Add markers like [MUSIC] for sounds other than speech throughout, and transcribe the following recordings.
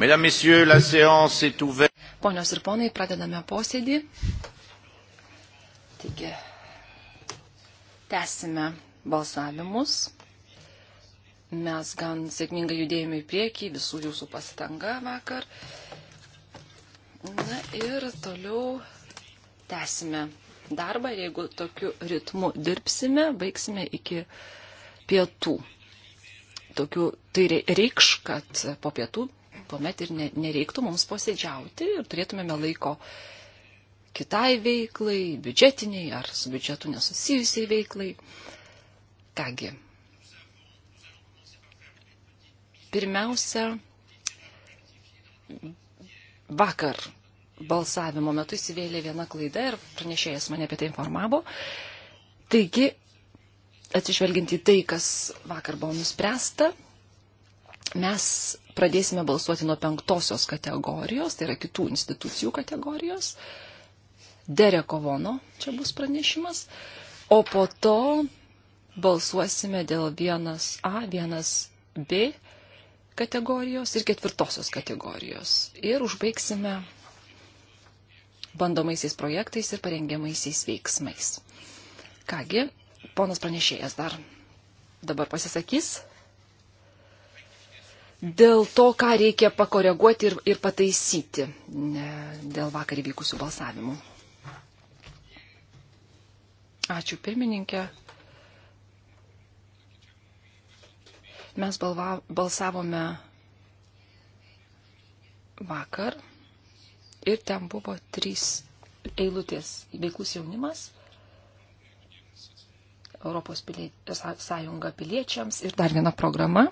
Mesdames, Messieurs, la séance est ouverte. Ponios ir ponai, pradedame posėdį. Taigi, tęsime balsavimus. Mes gan sėkmingai judėjome į priekį, visų jūsų pastanga vakar. Na ir toliau tęsime darbą ir jeigu tokiu ritmu dirbsime, baigsime iki pietų. Tokiu, tai reikš, kad po pietų tuomet ir nereiktų mums posėdžiauti ir turėtumėme laiko kitai veiklai, biudžetiniai ar su biudžetu nesusijusiai veiklai. Kągi, pirmiausia, vakar balsavimo metu įsivėlė viena klaida ir pranešėjas mane apie tai informavo. Taigi, atsižvelgiant į tai, kas vakar buvo nuspręsta, mes pradėsime balsuoti nuo penktosios kategorijos, tai yra kitų institucijų kategorijos. Derekovono čia bus pranešimas. O po to balsuosime dėl 1A, 1B kategorijos ir ketvirtosios kategorijos. Ir užbaigsime bandomaisiais projektais ir parengiamaisiais veiksmais. Kągi, ponas pranešėjas dar dabar pasisakys dėl to, ką reikia pakoreguoti ir, ir pataisyti dėl vakar įvykusių balsavimų. Ačiū pirmininkė. Mes balva, balsavome vakar ir ten buvo trys eilutės veiklus jaunimas, Europos pilie, sąjunga piliečiams ir dar viena programa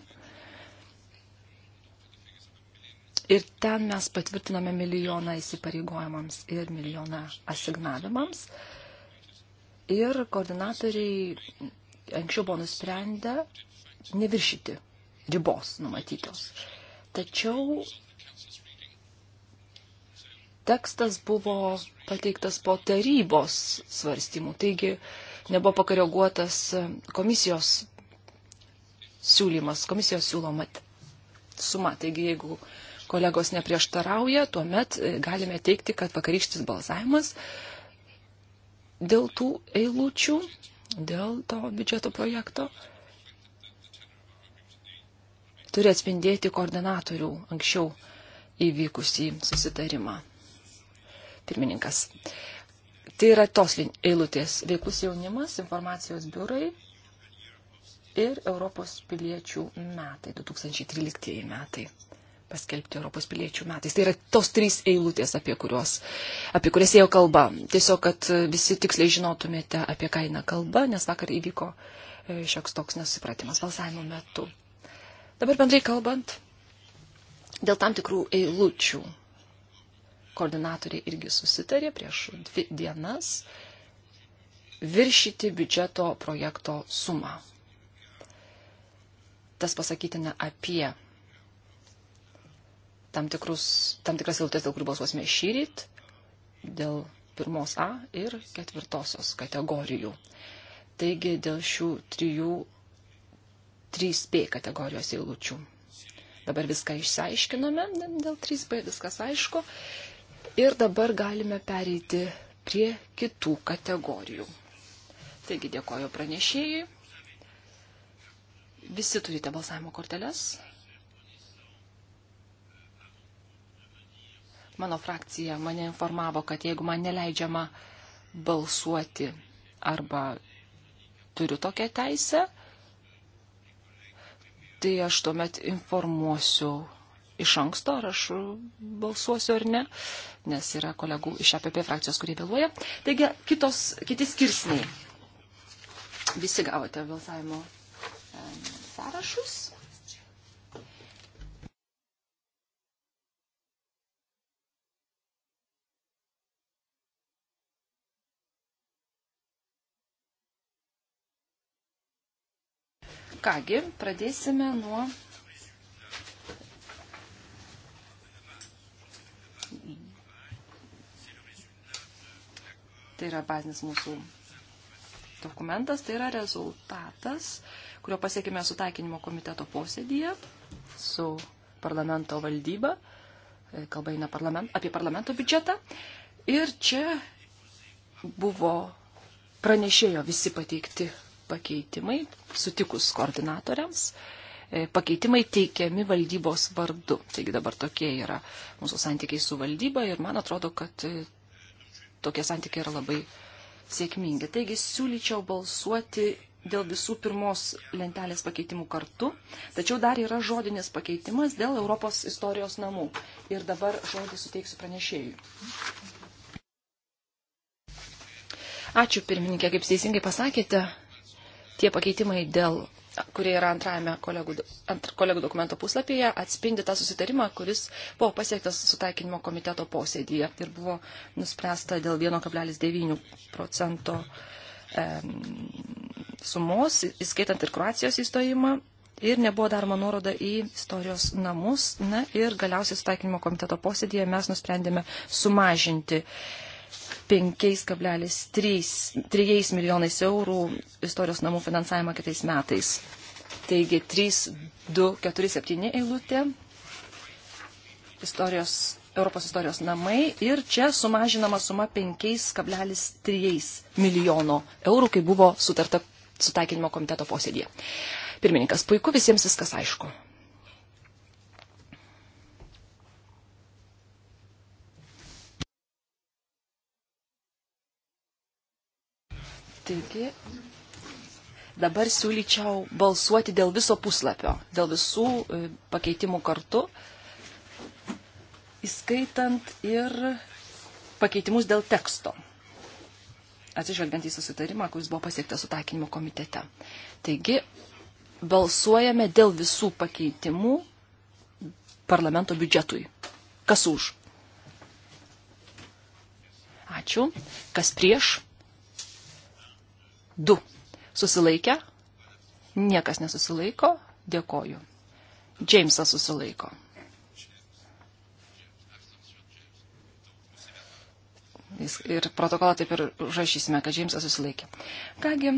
Ir ten mes patvirtiname milijoną įsipareigojimams ir milijoną asignavimams. Ir koordinatoriai anksčiau buvo nusprendę neviršyti ribos numatytos. Tačiau tekstas buvo pateiktas po tarybos svarstymų, taigi nebuvo pakoreguotas komisijos siūlymas, komisijos siūloma suma. Taigi jeigu uh, kolegos neprieštarauja, tuomet e, galime teikti, kad vakarykštis balsavimas dėl tų eilučių, dėl to biudžeto projekto turi atspindėti koordinatorių anksčiau įvykusį susitarimą. Pirmininkas. Tai yra tos eilutės veiklus jaunimas, informacijos biurai ir Europos piliečių metai, 2013 metai paskelbti Europos piliečių metais. Tai yra tos trys eilutės, apie, kurios, apie kurias ėjo kalba. Tiesiog, kad visi tiksliai žinotumėte, apie ką eina kalba, nes vakar įvyko e, šioks toks nesupratimas balsavimo metu. Dabar bendrai kalbant, dėl tam tikrų eilučių koordinatoriai irgi susitarė prieš dvi dienas viršyti biudžeto projekto sumą. Tas pasakytina apie tam, tikrus, tam tikras eilutes, dėl kurių balsuosime šyryt, dėl pirmos A ir ketvirtosios kategorijų. Taigi dėl šių trijų 3B kategorijos eilučių. Dabar viską išsiaiškinome, dėl 3B viskas aišku. Ir dabar galime pereiti prie kitų kategorijų. Taigi dėkoju pranešėjai. Visi turite balsavimo korteles. Mano frakcija mane informavo, kad jeigu man neleidžiama balsuoti arba turiu tokią teisę, tai aš tuomet informuosiu iš anksto, ar aš balsuosiu ar ne, nes yra kolegų iš APP frakcijos, kurie vėluoja. Taigi, kitos, kiti skirsniai. Visi gavote balsavimo sąrašus. Kągi, pradėsime nuo tai yra bazinis mūsų dokumentas, tai yra rezultatas, kurio pasiekime sutaikinimo komiteto posėdėje su parlamento valdyba, e, kalba eina parlament, apie parlamento biudžetą. Ir čia buvo pranešėjo visi pateikti pakeitimai, sutikus koordinatoriams, e, pakeitimai teikiami valdybos vardu. Taigi dabar tokie yra mūsų santykiai su valdyba ir man atrodo, kad e, tokie santykiai yra labai sėkmingi. Taigi siūlyčiau balsuoti dėl visų pirmos lentelės pakeitimų kartu, tačiau dar yra žodinis pakeitimas dėl Europos istorijos namų. Ir dabar žodį suteiksiu pranešėjui. Ačiū pirmininkė, kaip teisingai pasakėte, tie pakeitimai, dėl, kurie yra antrajame kolegų, ant, kolegų dokumento puslapyje, atspindi tą susitarimą, kuris buvo pasiektas sutaikinimo komiteto posėdėje ir buvo nuspręsta dėl 1,9 procento sumos, įskaitant ir Kroacijos įstojimą. Ir nebuvo daroma nuoroda į istorijos namus. Na ir galiausiai sutaikinimo komiteto posėdėje mes nusprendėme sumažinti uh, 5,3 milijonais eurų istorijos namų finansavimą kitais metais. Taigi 3247 eilutė istorijos, Europos istorijos namai ir čia sumažinama suma 5,3 milijono eurų, kai buvo sutarta sutaikinimo komiteto posėdėje. Pirmininkas, puiku, visiems viskas aišku. Taigi, dabar siūlyčiau balsuoti dėl viso puslapio, dėl visų e, pakeitimų kartu, įskaitant ir pakeitimus dėl teksto, atsižvelgiant į susitarimą, kuris buvo pasiektas sutakinimo komitete. Taigi, balsuojame dėl visų pakeitimų parlamento biudžetui. Kas už? Ačiū. Kas prieš? 2. Susilaikę? Niekas nesusilaiko. Dėkoju. Džeimsas susilaiko. Ir protokolą taip ir užrašysime, kad Džeimsas susilaikė. Kągi,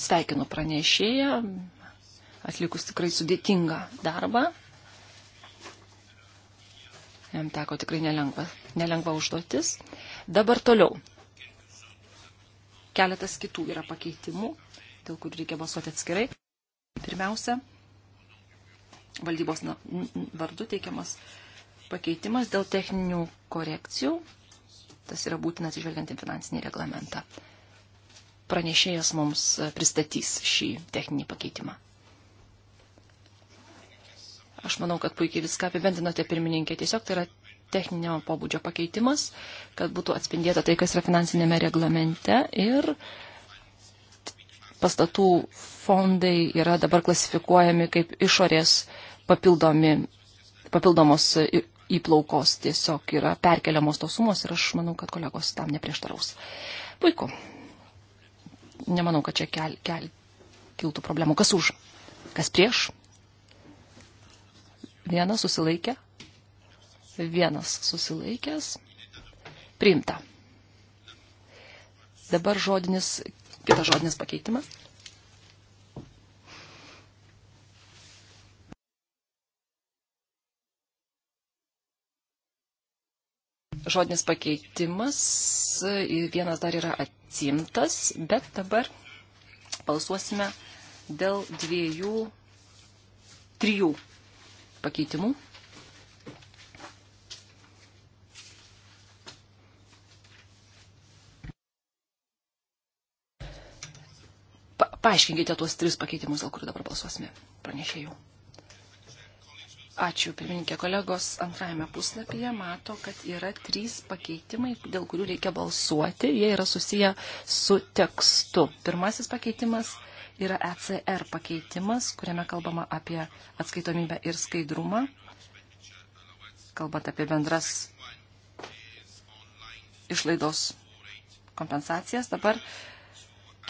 sveikinu pranešėją, atlikus tikrai sudėtingą darbą. Jam teko tikrai nelengva, nelengva užduotis. Dabar toliau. Keletas kitų yra pakeitimų, dėl kurių reikia balsuoti atskirai. Pirmiausia, valdybos vardu teikiamas pakeitimas dėl techninių korekcijų. Tas yra būtina atsižvelgiant į finansinį reglamentą. Pranešėjas mums e, pristatys šį techninį pakeitimą. Aš manau, kad puikiai viską apibendinote pirmininkė. Tiesiog tai yra techninio pobūdžio pakeitimas, kad būtų atspindėta tai, kas yra finansinėme reglamente ir pastatų fondai yra dabar klasifikuojami kaip išorės papildomi, papildomos įplaukos, tiesiog yra perkeliamos tos sumos ir aš manau, kad kolegos tam neprieštaraus. Puiku. Nemanau, kad čia kel, kel, kiltų problemų. Kas už? Kas prieš? Vienas susilaikė? vienas susilaikęs, priimta. Dabar žodinis, kitas žodinis pakeitimas. Žodinis pakeitimas, vienas dar yra atsimtas, bet dabar balsuosime dėl dviejų, trijų pakeitimų. Paaiškinkite tuos tris pakeitimus, dėl kurių dabar balsuosime. Pranešėjau. Ačiū, pirmininkė kolegos. Antrajame puslapyje mato, kad yra trys pakeitimai, dėl kurių reikia balsuoti. Jie yra susiję su tekstu. Pirmasis pakeitimas yra ECR pakeitimas, kuriame kalbama apie atskaitomybę ir skaidrumą, kalbant apie bendras išlaidos kompensacijas. Dabar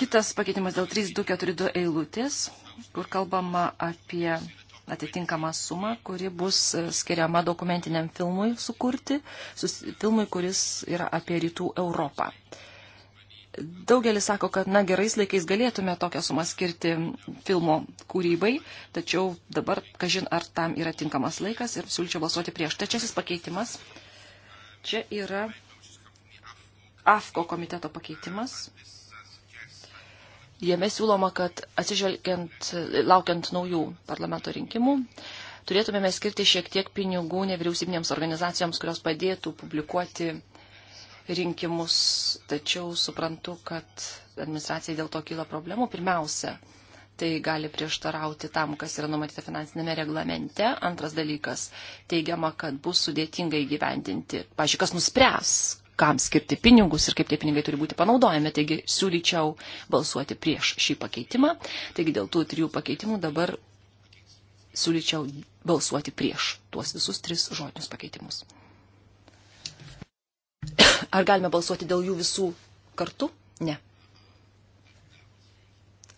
Kitas pakeitimas dėl 3242 eilutės, kur kalbama apie atitinkamą sumą, kuri bus e, skiriama dokumentiniam filmui sukurti, sus, filmui, kuris yra apie rytų Europą. Daugelis sako, kad na, gerais laikais galėtume tokią sumą skirti filmo kūrybai, tačiau dabar, kažin, ar tam yra tinkamas laikas ir siūlyčiau balsuoti prieš. Tačiasis pakeitimas. Čia yra AFKO komiteto pakeitimas. Jame siūloma, kad atsižvelgiant, laukiant naujų parlamento rinkimų, turėtumėme skirti šiek tiek pinigų nevyriausybinėms organizacijoms, kurios padėtų publikuoti rinkimus. Tačiau suprantu, kad administracijai dėl to kyla problemų. Pirmiausia, tai gali prieštarauti tam, kas yra numatyta finansinėme reglamente. Antras dalykas, teigiama, kad bus sudėtinga įgyvendinti. Pavyzdžiui, kas nuspręs, kam skirti pinigus ir kaip tie pinigai turi būti panaudojami. Taigi siūlyčiau balsuoti prieš šį pakeitimą. Taigi dėl tų trijų pakeitimų dabar siūlyčiau balsuoti prieš tuos visus tris žodinius pakeitimus. [COUGHS] Ar galime balsuoti dėl jų visų kartu? Ne.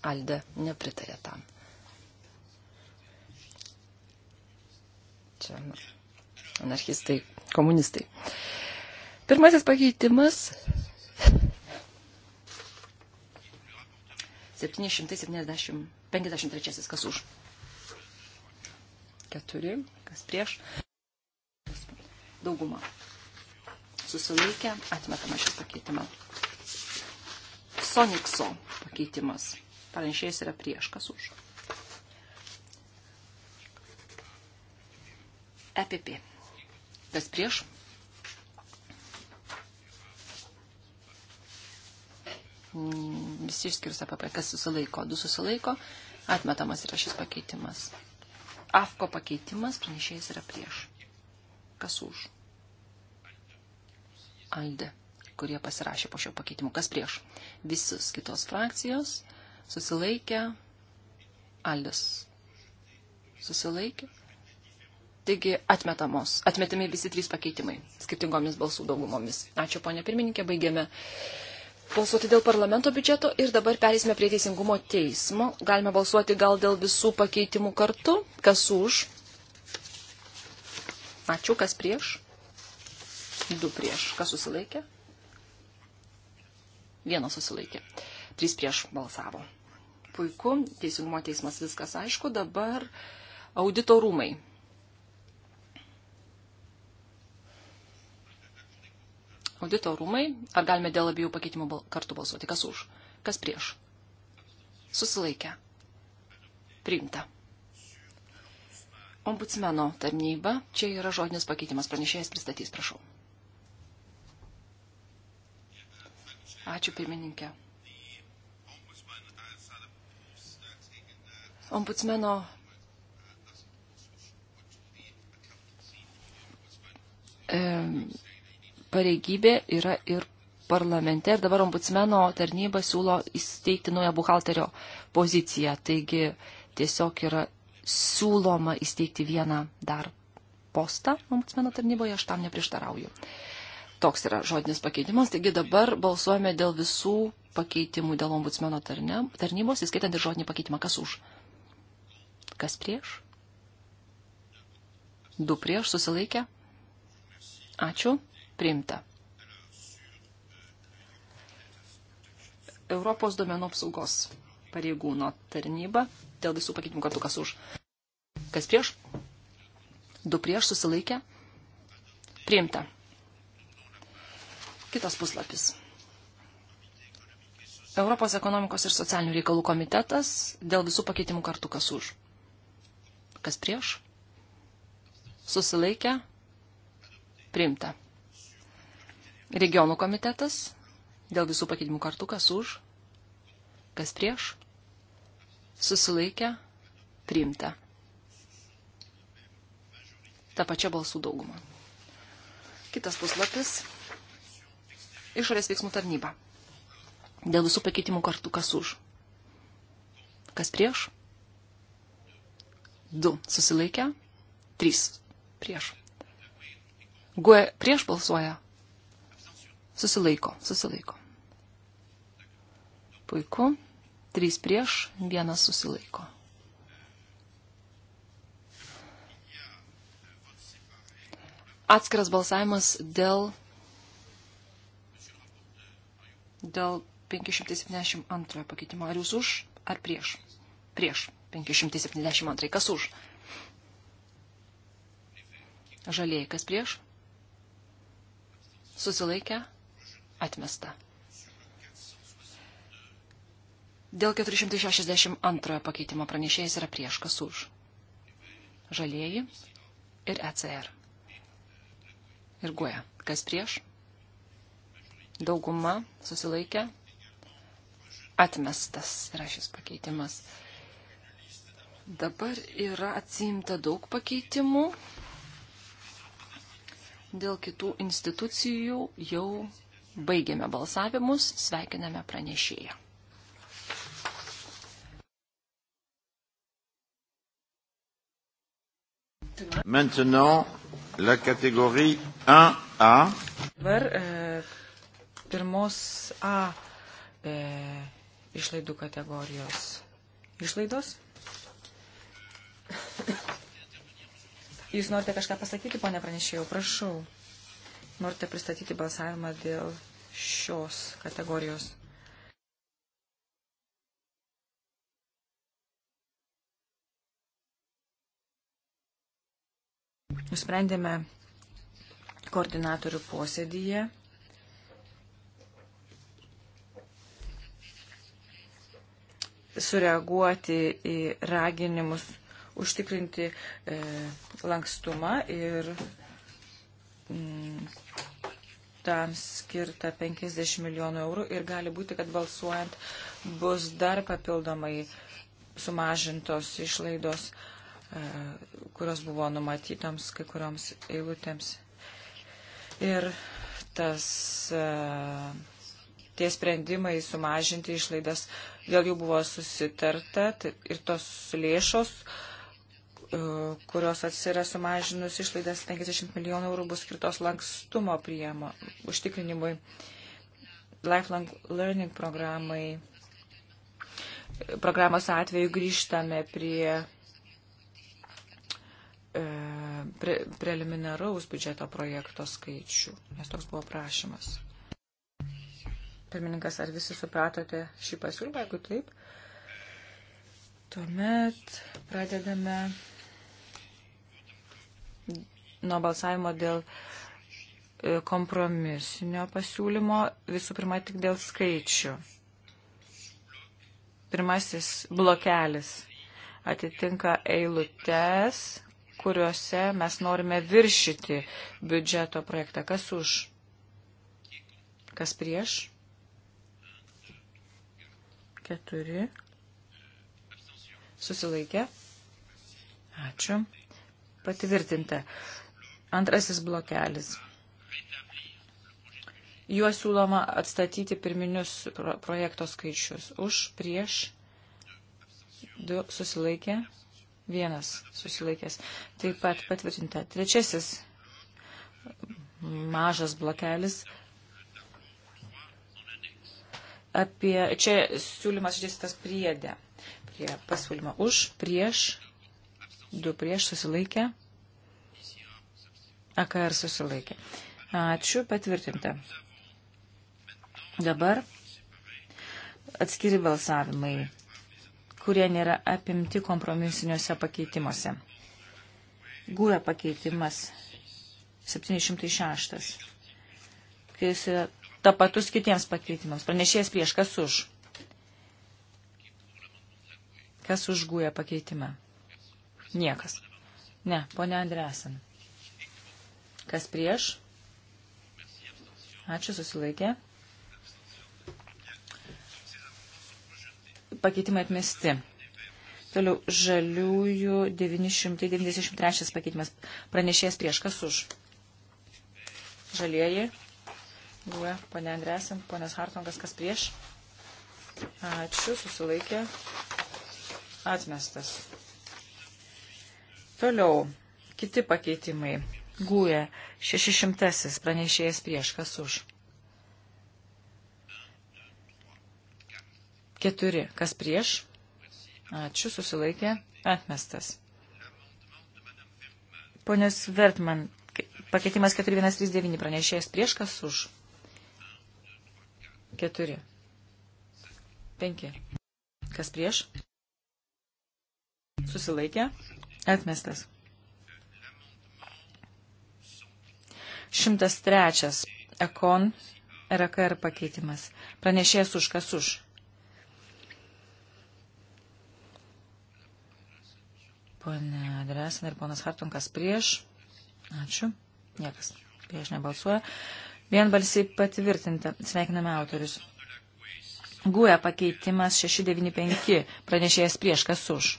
Alde nepritarė tam. Čia anarchistai, komunistai. Uh, Pirmasis pakeitimas 753, kas už. 4, kas prieš. Dauguma. Susilaikę, atmetama šis pakeitimas. Sonikso pakeitimas. Paranšėjas yra prieš, kas už. EPP. Kas prieš? Mm, visi išskirius APP, kas susilaiko. Du susilaiko, atmetamas yra šis pakeitimas. AFKO pakeitimas, pranešėjas yra prieš. Kas už? Alde, kurie pasirašė po šio pakeitimu. Kas prieš? Visus kitos frakcijos susilaikė. Aldes susilaikė. Taigi atmetamos, atmetami visi trys pakeitimai skirtingomis balsų daugumomis. Ačiū, ponė pirmininkė, baigėme balsuoti dėl parlamento biudžeto ir dabar perėsime prie teisingumo teismo. Galime balsuoti gal dėl visų pakeitimų kartu. Kas už? Ačiū, kas prieš? Du prieš. Kas susilaikė? Vienas susilaikė. Trys prieš balsavo. Puiku, teisingumo teismas viskas aišku. Dabar audito rūmai. audito rūmai. Ar galime dėl abiejų pakeitimų kartu balsuoti? Kas už? Kas prieš? Susilaikę. Priimta. Ombudsmeno tarnyba. Čia yra žodinis pakeitimas. Pranešėjas pristatys, prašau. Ačiū, pirmininkė. Ombudsmeno pareigybė yra ir parlamente ir dabar ombudsmeno tarnyba siūlo įsteigti naują buhalterio poziciją. Taigi tiesiog yra siūloma įsteigti vieną dar postą ombudsmeno tarnyboje, aš tam neprieštarauju. Toks yra žodinis pakeitimas, taigi dabar balsuojame dėl visų pakeitimų dėl ombudsmeno tarnybos, įskaitant ir žodinį pakeitimą. Kas už? Kas prieš? Du prieš susilaikę? Ačiū primta. Europos duomenų apsaugos pareigūno tarnyba dėl visų pakeitimų kartu kas už. Kas prieš? Du prieš susilaikę. Priimta. Kitas puslapis. Europos ekonomikos ir socialinių reikalų komitetas dėl visų pakeitimų kartu kas už. Kas prieš? Susilaikę. Priimta. Regionų komitetas dėl visų pakeitimų kartų, kas už, kas prieš, susilaikę, priimta. Ta pačia balsų dauguma. Kitas puslapis. Išorės veiksmų tarnyba. Dėl visų pakeitimų kartų, kas už, kas prieš, du susilaikę, trys prieš. Gue prieš balsuoja, Susilaiko, susilaiko. Puiku. Trys prieš, vienas susilaiko. Atskiras balsavimas dėl, dėl 572 pakeitimo. Ar jūs už, ar prieš? Prieš 572. Kas už? Žalieji, kas prieš? Susilaikę? Atmesta. Dėl 462 pakeitimo pranešėjas yra prieš kas už. Žalieji ir ECR. Ir guoja. E. Kas prieš? Dauguma susilaikė. Atmestas yra šis pakeitimas. Dabar yra atsiimta daug pakeitimų. Dėl kitų institucijų jau Baigėme balsavimus, sveikiname pranešėją. Maintenant, la catégorie 1A. Dabar e, pirmos A e, išlaidų kategorijos išlaidos. Jūs norite kažką pasakyti, ponė pranešėjau, prašau norite pristatyti balsavimą dėl šios kategorijos? Nusprendėme koordinatorių posėdyje sureaguoti į raginimus užtikrinti e, lankstumą ir Mm, tam skirta 50 milijonų eurų ir gali būti, kad balsuojant bus dar papildomai sumažintos išlaidos, e, kurios buvo numatytoms kai kurioms eilutėms. Ir tas, e, tie sprendimai sumažinti išlaidas, dėl jų buvo susitarta tai ir tos lėšos, uh, E, kurios atsiras sumažinus išlaidas 50 milijonų eurų bus skirtos lankstumo priemo užtikrinimui, lifelong learning programai. Programos atveju grįžtame prie e, pre, preliminaraus biudžeto projekto skaičių, nes toks buvo prašymas. Pirmininkas, ar visi supratote šį pasiūlymą, jeigu taip, tuomet pradedame nuo balsavimo dėl e, kompromisinio pasiūlymo, visų pirma tik dėl skaičių. Pirmasis blokelis atitinka eilutes, kuriuose mes norime viršyti biudžeto projektą. Kas už? Kas prieš? Keturi. Susilaikė. Ačiū. Patvirtinta. Antrasis blokelis. Juo siūloma atstatyti pirminius projekto skaičius. Už, prieš, du susilaikė, vienas susilaikęs. Taip pat patvirtinta. Trečiasis mažas blokelis. Apie, čia siūlymas išdėstytas priedė. Prie pasiūlymo už, prieš, 2 prieš susilaikė. AKR susilaikė. Ačiū, patvirtinta. Dabar atskiri balsavimai, kurie nėra apimti kompromisiniuose pakeitimuose. Gūja e pakeitimas 706. Kai jis yra tapatus kitiems pakeitimams. Pranešėjas prieš, kas už? Kas už gūja e pakeitimą? Niekas. Ne, ponia Andresen. Kas prieš? Ačiū, susilaikė. Pakeitimai atmesti. Toliau, žaliųjų 993 pakeitimas. Pranešėjas prieš, kas už? Žalieji. Guė, ponia Andresen, ponias Hartongas, kas prieš? Ačiū, susilaikė. Atmestas. Toliau, kiti pakeitimai. Gūja, 600 pranešėjas prieš, kas už. 4, kas prieš. Ačiū, susilaikė, atmestas. Ponios Vertman, pakeitimas 4139 pranešėjas prieš, kas už. 4, 5, kas prieš. Susilaikė, Atmestas. 103. Ekon RKR pakeitimas. Pranešėjas už kas už. Pone Dresin ir ponas Hartunkas prieš. Ačiū. Niekas prieš nebalsuoja. Vienbalsiai patvirtinta. Sveikiname autorius. Guja pakeitimas 695. Pranešėjas prieš kas už.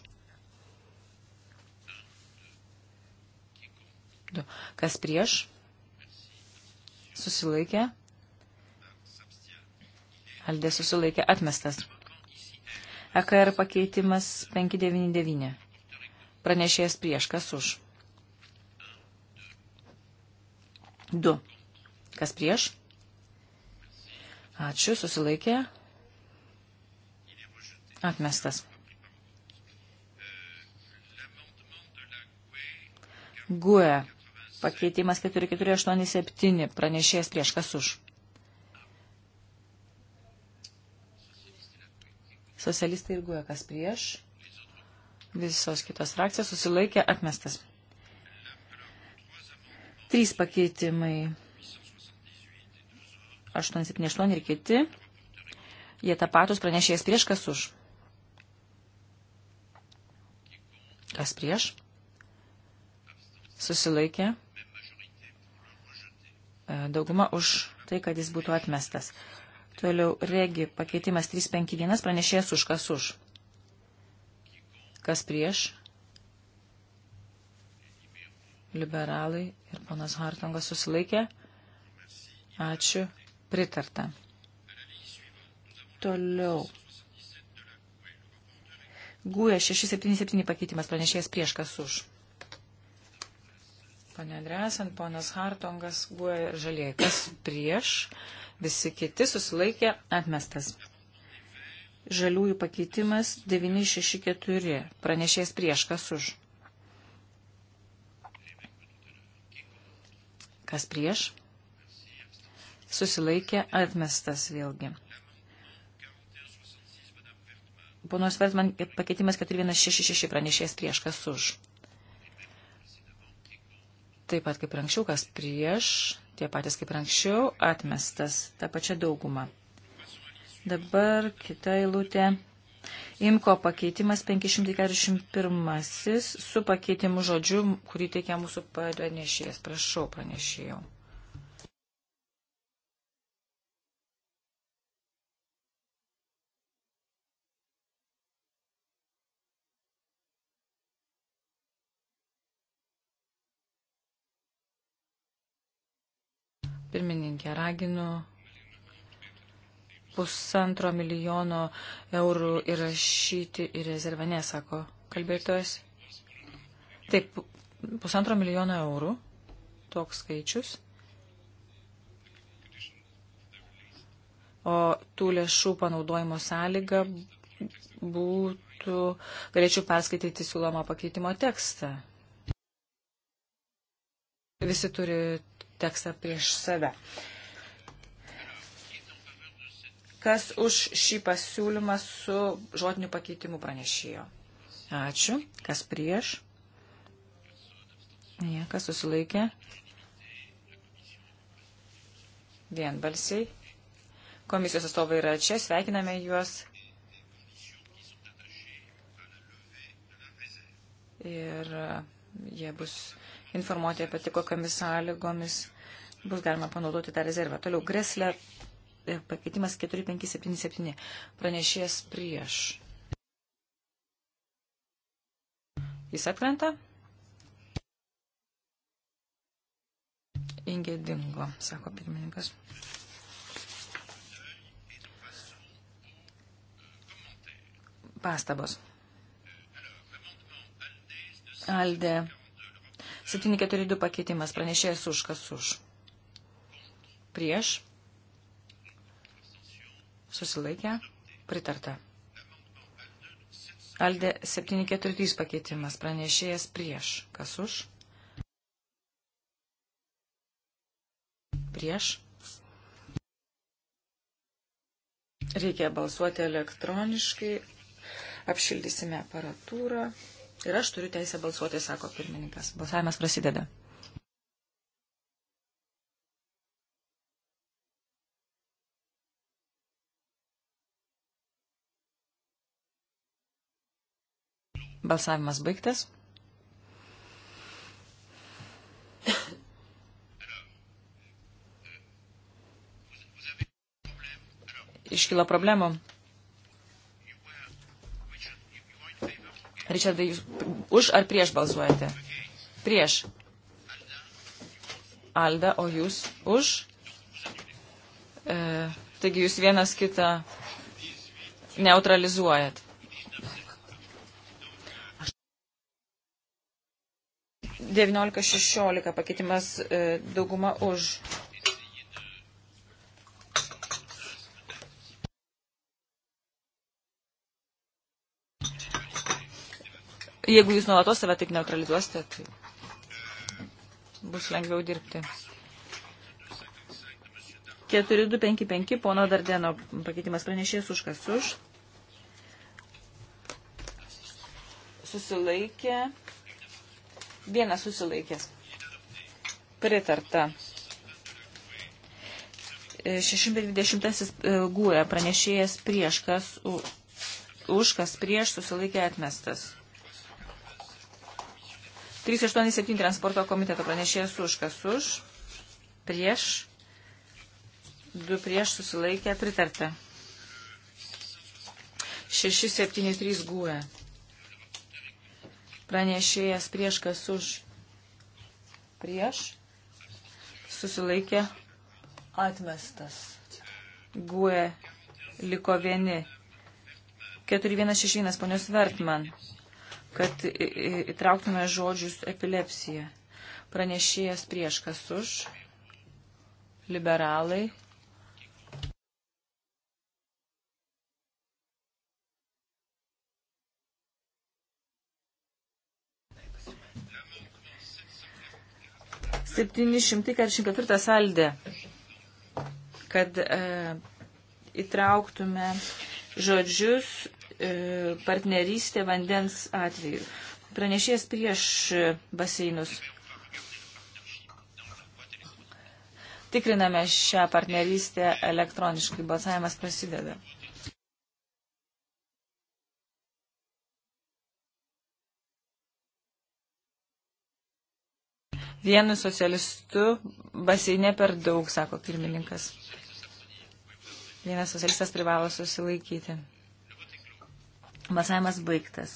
du. Kas prieš? Susilaikė. Aldė susilaikė atmestas. EKR pakeitimas 599. Pranešėjas prieš, kas už? 2. Kas prieš? Ačiū, susilaikė. Atmestas. GUE Pakeitimas 4487. Pranešėjas prieš kas už. Socialistai ir guoja kas prieš. Visos kitos frakcijos susilaikė atmestas. Trys pakeitimai. 878 ir kiti. Jie tą patus pranešėjas prieš kas už. Kas prieš? Susilaikė. E, dauguma už tai, kad jis būtų atmestas. Toliau regi pakeitimas 351 pranešėjas už kas už. Kas prieš? Liberalai ir ponas Hartongas susilaikė. Ačiū. Pritarta. Toliau. Guja 677 pakeitimas pranešėjas prieš kas už. Pane Andresant, ponas Hartongas buvo žaliekas prieš, visi kiti susilaikė atmestas. Žaliųjų pakeitimas 964. Pranešėjas prieš, kas už? Kas prieš? Susilaikė atmestas vėlgi. Ponos Vertman pakeitimas 4166 pranešėjas prieš, kas už? taip pat kaip anksčiau, kas prieš, tie patys kaip anksčiau, atmestas tą pačią daugumą. Dabar kita eilutė. Imko pakeitimas 541 su pakeitimu žodžiu, kurį teikia mūsų pranešėjas. Prašau, pranešėjau. pirmininkė. Raginu pusantro milijono eurų įrašyti į rezervą, nesako kalbėtojas. Taip, pusantro milijono eurų, toks skaičius. O tų lėšų panaudojimo sąlyga būtų, galėčiau perskaityti siūlomą pakeitimo tekstą. Visi turi tekstą prieš save. Uh, kas už šį pasiūlymą su žodiniu pakeitimu pranešėjo. Ačiū. Kas prieš? Niekas susilaikė. Vienbalsiai. Komisijos atstovai yra čia, sveikiname juos. Ir e, jie bus informuoti apie tai, kokiamis sąlygomis bus galima panaudoti tą rezervą. Toliau, Greslė E, pakeitimas 4577. Pranešėjas prieš. Jis atkrenta? Ingė dingo, sako pirmininkas. Pastabos. Aldė. 742 pakeitimas. Pranešėjas už, kas už. Prieš susilaikę, pritarta. Aldė 743 pakeitimas, pranešėjas prieš, kas už? Prieš. Reikia balsuoti elektroniškai, apšildysime aparatūrą. Ir aš turiu teisę balsuoti, sako pirmininkas. Balsavimas prasideda. Balsavimas baigtas. Iškyla problemų. Ričardai, jūs už ar prieš balsuojate? Prieš. Alda, o jūs už? E, taigi jūs vienas kitą neutralizuojat. 19.16 pakeitimas e, dauguma už. Jeigu jūs nuolatos save taip neutralizuosite, tai bus lengviau dirbti. 4255, pono Dardeno pakeitimas pranešėjas už kas už. Susilaikė. Vienas susilaikęs. Pritarta. 620 e, e, guoja pranešėjas prieš, kas už, kas prieš susilaikė atmestas. 387 transporto komiteto pranešėjas už, kas už, prieš, du prieš susilaikė pritarta. 673 guoja pranešėjas prieš kas už prieš susilaikė atmestas. Gue liko vieni. 416 ponios Vertman, kad įtrauktume žodžius epilepsija. Pranešėjas prieš kas už liberalai 744 saldė, kad e, įtrauktume žodžius e, partnerystė vandens atveju. Pranešėjas prieš baseinus. Tikriname šią partnerystę elektroniškai. Balsavimas prasideda. Vienu socialistu baseine per daug, sako pirmininkas. Vienas socialistas privalo susilaikyti. Balsavimas baigtas.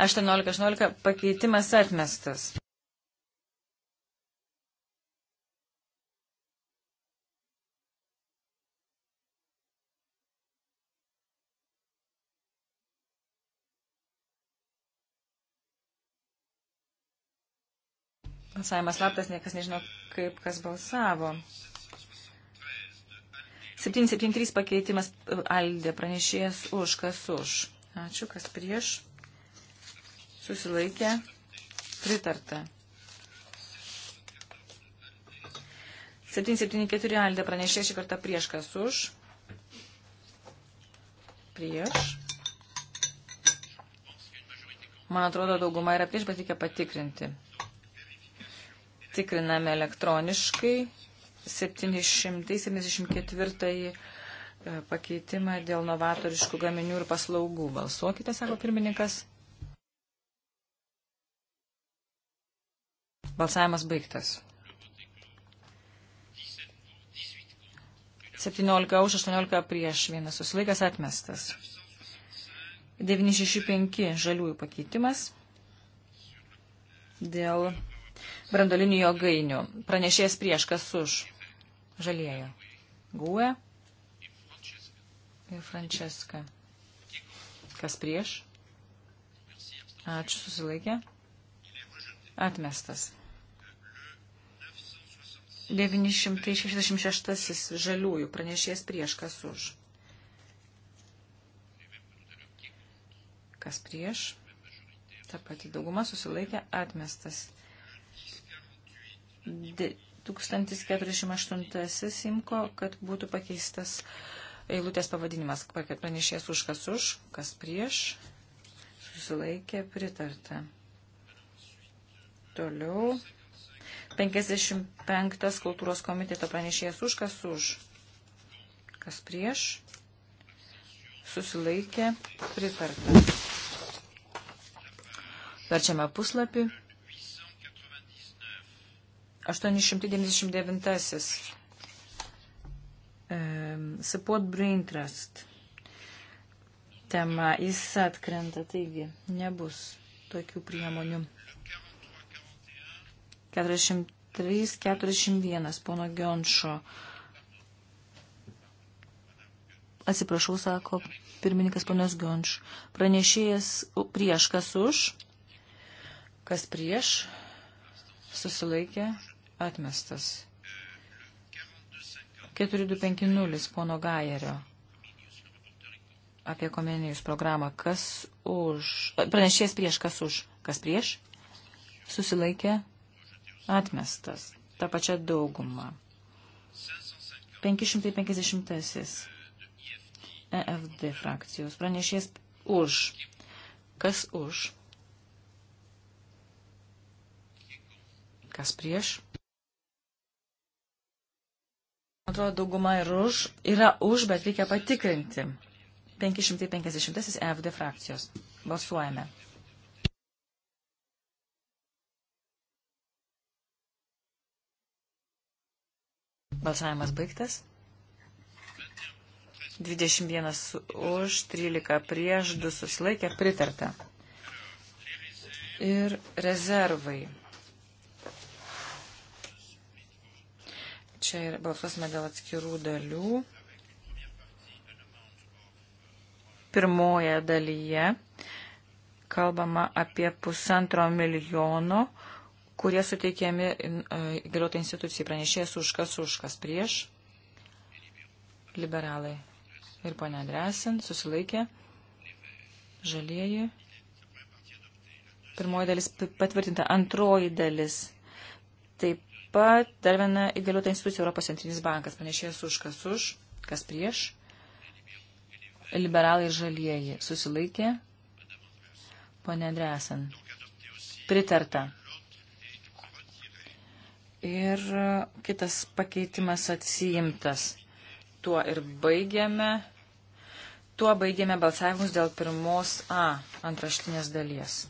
18.18 18, pakeitimas atmestas. Balsavimas slaptas, niekas nežino, kaip kas balsavo. 773 pakeitimas Aldė pranešėjas už, kas už. Ačiū, kas prieš. Susilaikė. Pritarta. 774 Aldė pranešė šį kartą prieš, kas už. Prieš. Man atrodo, dauguma yra prieš, bet reikia patikrinti. Tikriname elektroniškai 774 e, pakeitimą dėl novatoriškų gaminių ir paslaugų. Balsuokite, sako pirmininkas. Balsavimas baigtas. 17 už, 18 prieš, vienas susilaikas atmestas. 965 žaliųjų pakeitimas dėl brandolinių jogainių. Pranešėjas prieš, kas už? Žaliejo. Gue ir Frančeska. Kas prieš? Ačiū, susilaikė. Atmestas. 966 žaliųjų pranešėjas prieš, kas už? Kas prieš? Ta pati dauguma susilaikė atmestas. 1408 imko, kad būtų pakeistas eilutės pavadinimas, kad pranešės už kas už, kas prieš, susilaikė pritarta. Toliau. 55 kultūros komiteto pranešėjas už, kas už, kas prieš, susilaikė pritarta. Verčiame puslapį. 899. Support Brain Trust tema. Jis atkrenta, taigi nebus tokių priemonių. 43-41 pono Gionšo. Atsiprašau, sako pirmininkas ponios Gionš. Pranešėjas prieš kas už, kas prieš, susilaikė, Atmestas. 4250 pono Gajerio apie komenijus programą. Kas už... Pranešės prieš, kas už, kas prieš. Susilaikė. Atmestas. Ta pačia dauguma. 550 EFD frakcijos. Pranešės už. Kas už? Kas prieš? Atrodo, dauguma ir už, yra už, bet reikia patikrinti. 550 FD e frakcijos. Balsuojame. Balsavimas baigtas. 21 už, 13 prieš, 2 susilaikė, pritarta. Ir rezervai. Čia ir balsuosime dėl atskirų dalių. Pirmoje dalyje kalbama apie pusantro milijono, kurie suteikiami e, įgaliotai institucijai pranešėjas už kas, už kas prieš. Liberalai ir ponia Dresin susilaikė. Žalieji. Pirmoji dalis patvirtinta, antroji dalis. Taip pat dar viena įgaliota institucija Europos centrinis bankas. Panešėjęs už kas už, kas prieš. Liberalai ir žalieji susilaikė. Pone Andreasen. Pritarta. Ir kitas pakeitimas atsijimtas. Tuo ir baigiame. Tuo baigiame balsavimus dėl pirmos A antraštinės dalies.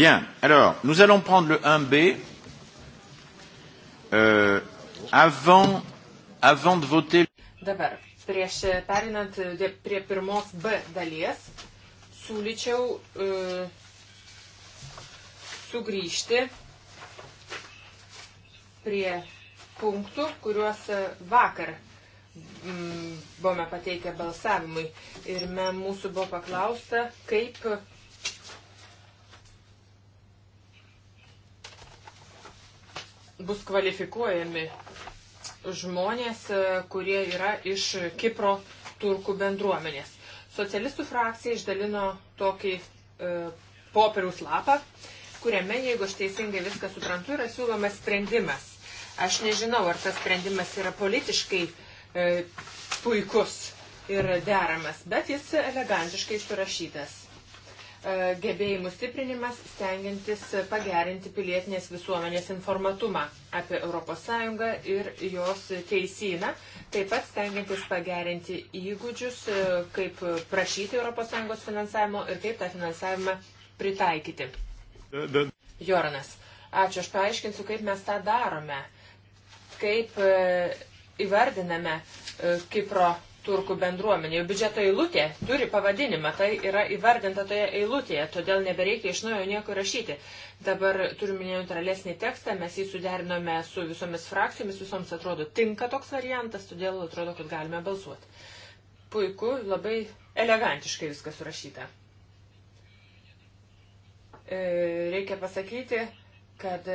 Bien, alors, nous allons prendre le 1B. Euh, avant, avant de voter. Dabar, prieš perinant prie pirmos B dalies, siūlyčiau uh, sugrįžti prie punktų, kuriuos vakar mm, buvome pateikę balsavimui. Ir me, mūsų buvo paklausta, kaip uh, bus kvalifikuojami žmonės, e, kurie yra iš Kipro turkų bendruomenės. Socialistų frakcija išdalino tokį e, popieriaus lapą, kuriame, jeigu aš teisingai viską suprantu, yra siūlomas sprendimas. Aš nežinau, ar tas sprendimas yra politiškai e, puikus ir deramas, bet jis elegantiškai surašytas. E, gebėjimų stiprinimas, stengiantis pagerinti pilietinės visuomenės informatumą apie ES ir jos teisyną, taip pat stengiantis pagerinti įgūdžius, e, kaip prašyti ES finansavimo ir kaip tą finansavimą pritaikyti. Joranas, ačiū, aš paaiškinsiu, kaip mes tą darome, kaip e, įvardiname Kipro turkų bendruomenė. Jau biudžeto eilutė turi pavadinimą, tai yra įvardinta toje eilutėje, todėl nebereikia iš naujo nieko rašyti. Dabar turime neutralesnį tekstą, mes jį suderinome su visomis frakcijomis, visoms atrodo tinka toks variantas, todėl atrodo, kad galime balsuoti. Puiku, labai elegantiškai viskas surašyta. E, reikia pasakyti, kad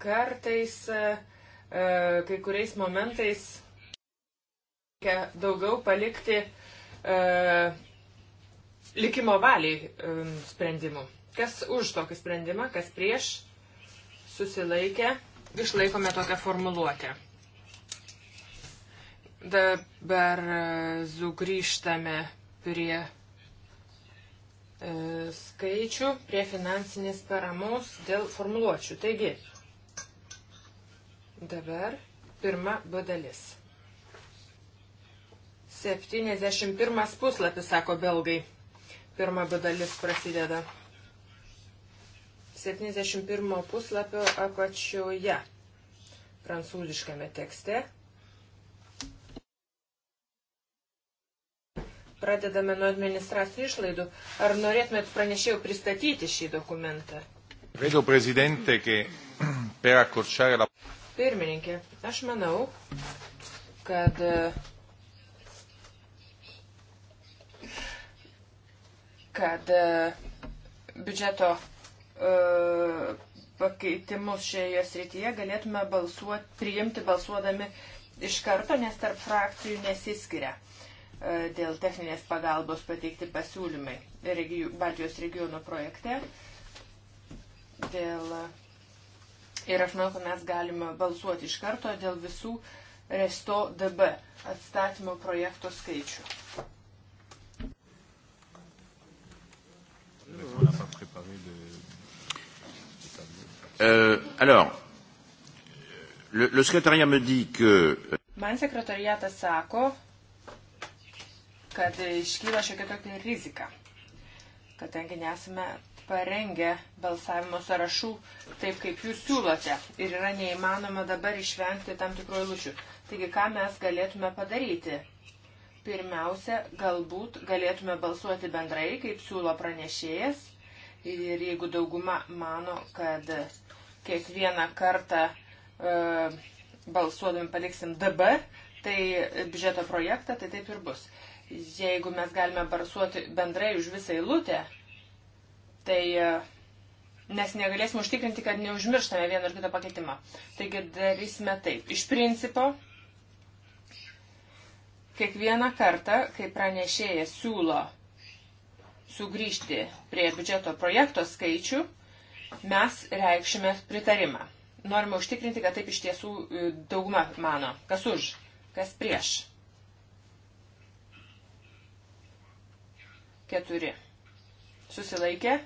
kartais e, kai kuriais momentais reikia daugiau palikti e, likimo valiai e, sprendimų. Kas už tokį sprendimą, kas prieš susilaikė, išlaikome tokią formuluotę. Dabar e, sugrįžtame prie e, skaičių, prie finansinės paramos dėl formuluočių. Taigi, dabar pirma B dalis 71 puslapis, sako belgai. Pirma bedalis prasideda. 71 puslapio apačioje, prancūziškame tekste. Pradedame nuo administracinių išlaidų. Ar norėtumėt pranešėjų pristatyti šį dokumentą? Vedo, prezidente, che per accorciare la... Pirmininkė, aš manau, kad uh, kad e, biudžeto e, pakeitimus šioje srityje galėtume balsuot, priimti balsuodami iš karto, nes tarp frakcijų nesiskiria e, dėl techninės pagalbos pateikti pasiūlymai regijų, Baltijos regiono projekte. Dėl, ir aš manau, kad mes galime balsuoti iš karto dėl visų resto DB atstatymo projekto skaičių. Euh, alors, le, le secrétariat me dit que. Euh, Man sekretariatas sako, kad iškyla šiokia tokia rizika, kadangi nesame parengę balsavimo sąrašų taip, kaip jūs siūlote ir yra neįmanoma dabar išvengti tam tikrų eilučių. Taigi, ką mes galėtume padaryti? Pirmiausia, galbūt galėtume balsuoti bendrai, kaip siūlo pranešėjas Ir jeigu dauguma mano, kad kiekvieną kartą e, balsuodami paliksim dabar, tai biudžeto projektą, tai taip ir bus. Jeigu mes galime barsuoti bendrai už visą eilutę, tai e, mes negalėsime užtikrinti, kad neužmirštame vieno ar kito pakeitimą. Taigi darysime taip. Iš principo, kiekvieną kartą, kai pranešėjas siūlo sugrįžti prie biudžeto projekto skaičių, mes reikšime pritarimą. Norime užtikrinti, kad taip iš tiesų e, dauguma mano. Kas už, kas prieš. Keturi. Susilaikė.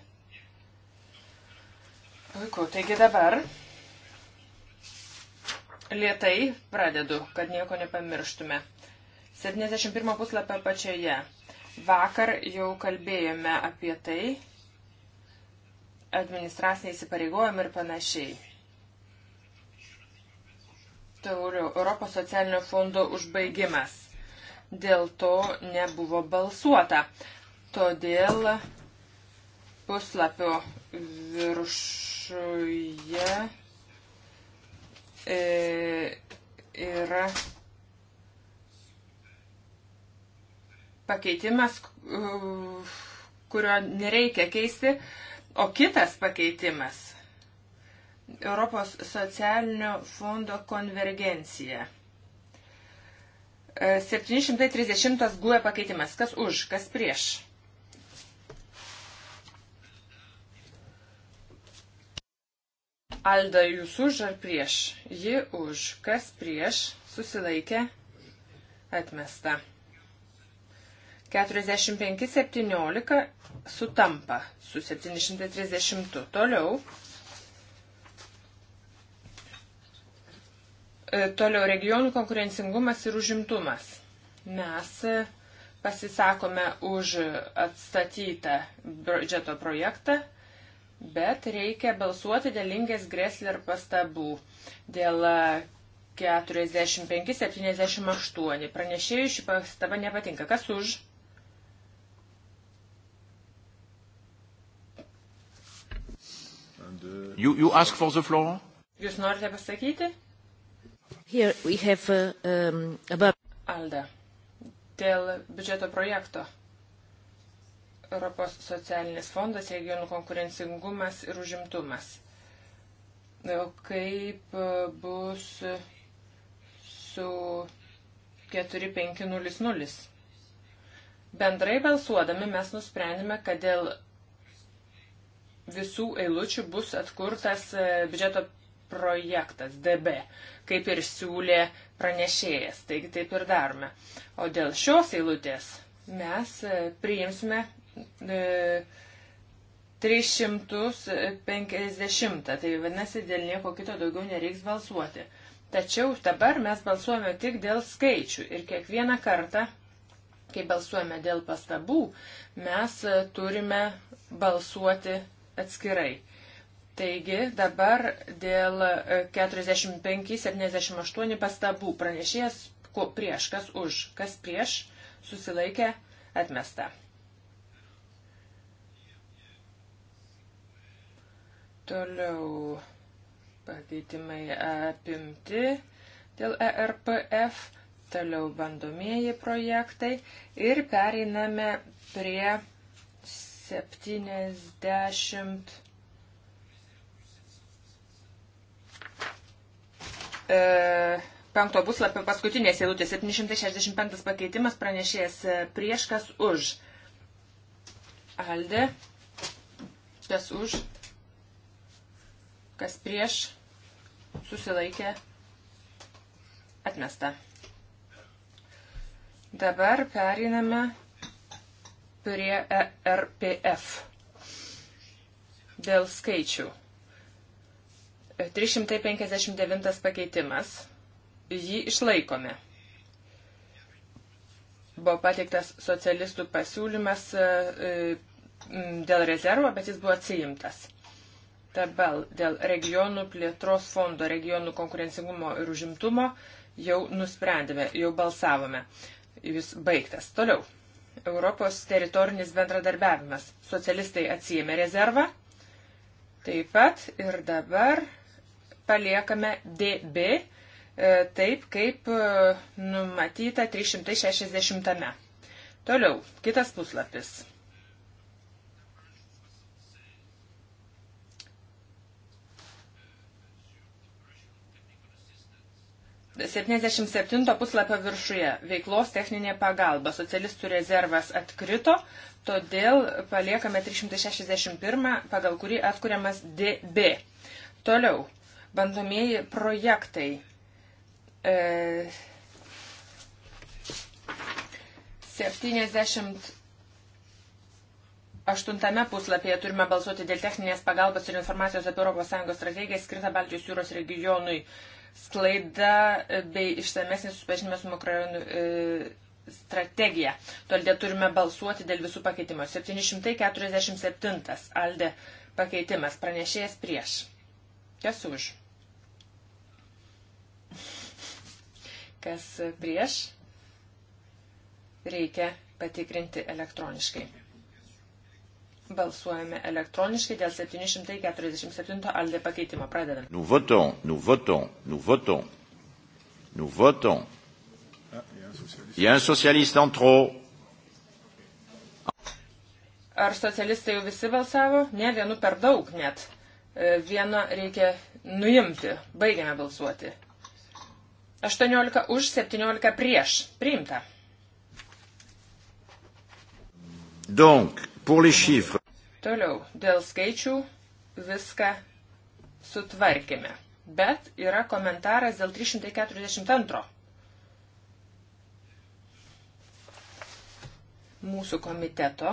Puiku, taigi dabar lietai pradedu, kad nieko nepamirštume. 71 puslapio pačioje. Vakar jau kalbėjome apie tai, administraciniai įsipareigojimai ir panašiai. Tauriu, Europos socialinio fondo užbaigimas. Dėl to nebuvo balsuota. Todėl puslapio viršuje e, yra pakeitimas, uh, kurio nereikia keisti, o kitas pakeitimas - Europos socialinio fondo konvergencija. 730 uh, guė pakeitimas. Kas už, kas prieš? Alda, jūs už ar prieš? Ji už. Kas prieš? Susilaikė. Atmesta. 45.17 sutampa su 730. Toliau. E, toliau regionų konkurencingumas ir užimtumas. Mes e, pasisakome už atstatytą biudžeto projektą, bet reikia balsuoti dėl Lingės Gresler pastabų, dėl 45-78. Pranešėjų šį pastabą nepatinka. Kas už? You, you ask for the floor? Jūs norite pasakyti? Here we have uh, um, about... Alda. Dėl biudžeto projekto. Europos socialinis fondas, regionų konkurencingumas ir užimtumas. Kaip uh, bus su 4500? Bendrai balsuodami mes nusprendėme, kad dėl visų eilučių bus atkurtas e, biudžeto projektas DB, kaip ir siūlė pranešėjas. Taigi taip ir darome. O dėl šios eilutės mes e, priimsime 350, e, tai vadinasi, dėl nieko kito daugiau nereiks balsuoti. Tačiau dabar mes balsuojame tik dėl skaičių ir kiekvieną kartą, kai balsuojame dėl pastabų, mes turime balsuoti atskirai. Taigi dabar dėl 45-78 pastabų pranešėjas ko prieš, kas už, kas prieš, susilaikė, atmesta. Toliau pakeitimai apimti dėl ERPF, toliau bandomieji projektai ir pereiname prie 70. E, penkto puslapio paskutinės eilutės 765 pakeitimas pranešėjas e, prieš kas už. Alde, kas už, kas prieš, susilaikė, atmesta. Dabar periname prie ERPF. Dėl skaičių. 359 pakeitimas. Jį išlaikome. Buvo pateiktas socialistų pasiūlymas e, e, dėl rezervo, bet jis buvo atsiimtas. Tabel dėl regionų plėtros fondo, regionų konkurencingumo ir užimtumo jau nusprendėme, jau balsavome. Jis baigtas. Toliau. Europos teritorinis bendradarbiavimas. Socialistai atsijėmė rezervą. Taip pat ir dabar paliekame DB e, taip, kaip e, numatyta 360. -ame. Toliau, kitas puslapis. 77 puslapio viršuje veiklos techninė pagalba. Socialistų rezervas atkrito, todėl paliekame 361, pagal kurį atkuriamas DB. Toliau, bandomieji projektai. E, 78 puslapyje turime balsuoti dėl techninės pagalbos ir informacijos apie ES strategiją skirtą Baltijos jūros regionui sklaida bei išsamesnis susipažinimas su mikrorajonų e, strategija. Todėl turime balsuoti dėl visų pakeitimų. 747 Alde pakeitimas. Pranešėjas prieš. Kas už? Kas prieš? Reikia patikrinti elektroniškai. Balsuojame elektroniškai dėl 747 aldė pakeitimo. Pradedam. Nous votons, nous votons, nous votons, nous votons. Il y a un socialiste en trop. Ar socialistai jau visi balsavo? Ne, vienu per daug net. E, Vieną reikia nuimti. Baigiame balsuoti. 18 už, 17 prieš. Priimta. Donc, Toliau, dėl skaičių viską sutvarkėme, bet yra komentaras dėl 342. Mūsų komiteto,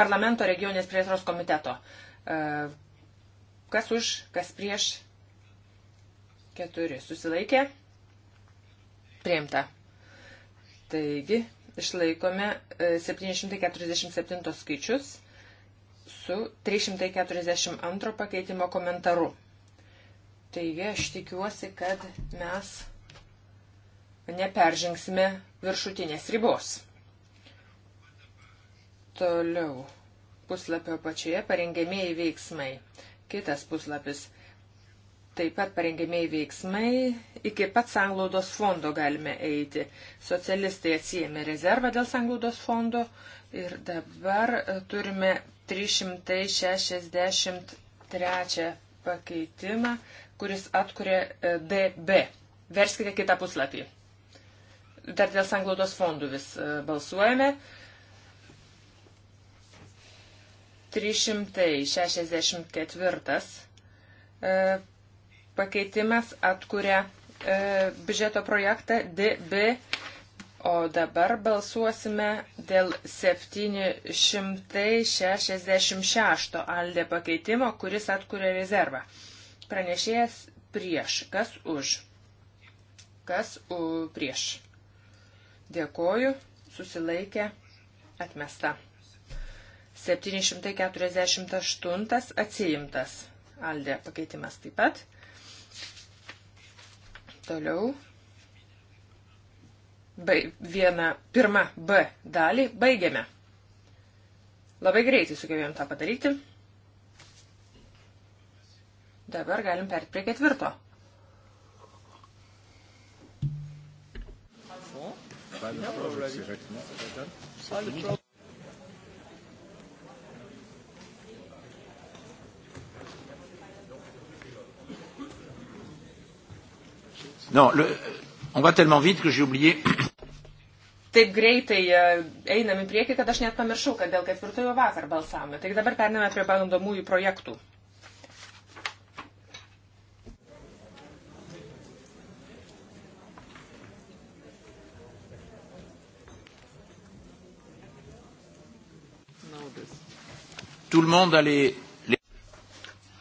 parlamento regionės plėtros komiteto. E, kas už, kas prieš? Keturi. Susilaikė? Priimta. Taigi, išlaikome 747 e, skaičius su 342 pakeitimo komentaru. Taigi aš tikiuosi, kad mes neperžingsime viršutinės ribos. Toliau. Puslapio pačioje parengėmėjai veiksmai. Kitas puslapis Taip pat parengėmiai veiksmai, iki pat sanglaudos fondo galime eiti. Socialistai atsijėmė rezervą dėl sanglaudos fondo ir dabar e, turime 363 pakeitimą, kuris atkuria e, DB. Verskite kitą puslapį. Dar dėl sanglaudos fondų vis e, balsuojame. 364 pakeitimas atkuria e, biudžeto projektą DB, o dabar balsuosime dėl 766 aldė pakeitimo, kuris atkuria rezervą. Pranešėjas prieš. Kas už? Kas u, prieš? Dėkoju. Susilaikė. Atmesta. 748 atsiimtas. Aldė pakeitimas taip pat. Toliau. Ba, vieną, pirmą B dalį baigiame. Labai greitai sugebėjom tą padaryti. Dabar galim perti prie ketvirto. Bravo. Bravo. Bravo. Bravo. Bravo. Bravo. Non, le, on va tellement vite, que j'ai oublié. Taip greitai e, einam į priekį, kad aš net pamiršau, kad dėl ketvirtojo vakar balsavome. Taigi dabar pername prie bandomųjų projektų.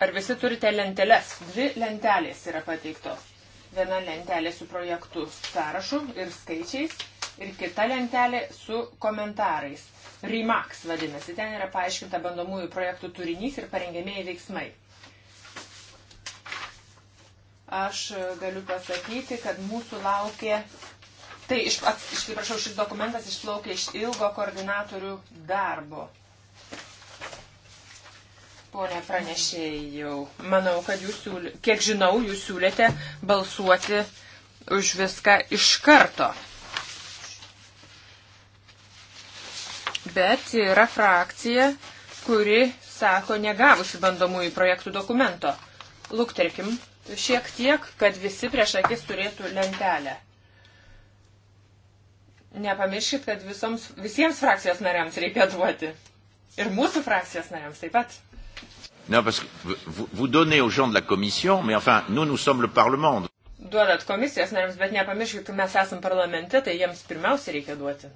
Ar visi turite lenteles? Dvi lentelės yra pateiktos. Viena lentelė su projektų sąrašu ir skaičiais ir kita lentelė su komentarais. REMAX vadinasi, ten yra paaiškinta bandomųjų projektų turinys ir parengiamieji veiksmai. Aš galiu pasakyti, kad mūsų laukia Tai, iš, atsiprašau, šis dokumentas išplaukė iš ilgo koordinatorių darbo. Pone pranešėjau, manau, kad jūs siūlė, kiek žinau, jūs siūlėte balsuoti už viską iš karto. Bet yra frakcija, kuri sako negavusi bandomųjų projektų dokumento. Lukterkim šiek tiek, kad visi prieš akis turėtų lentelę. Nepamirškit, kad visoms, visiems frakcijos nariams reikia duoti. Ir mūsų frakcijos nariams taip pat. Non, parce que vous, vous donnez aux gens de la Commission, mais enfin, nous, nous sommes le Parlement. Duodat komisijos nariams, bet nepamirškit, kad mes esam parlamente, tai jiems pirmiausia reikia duoti.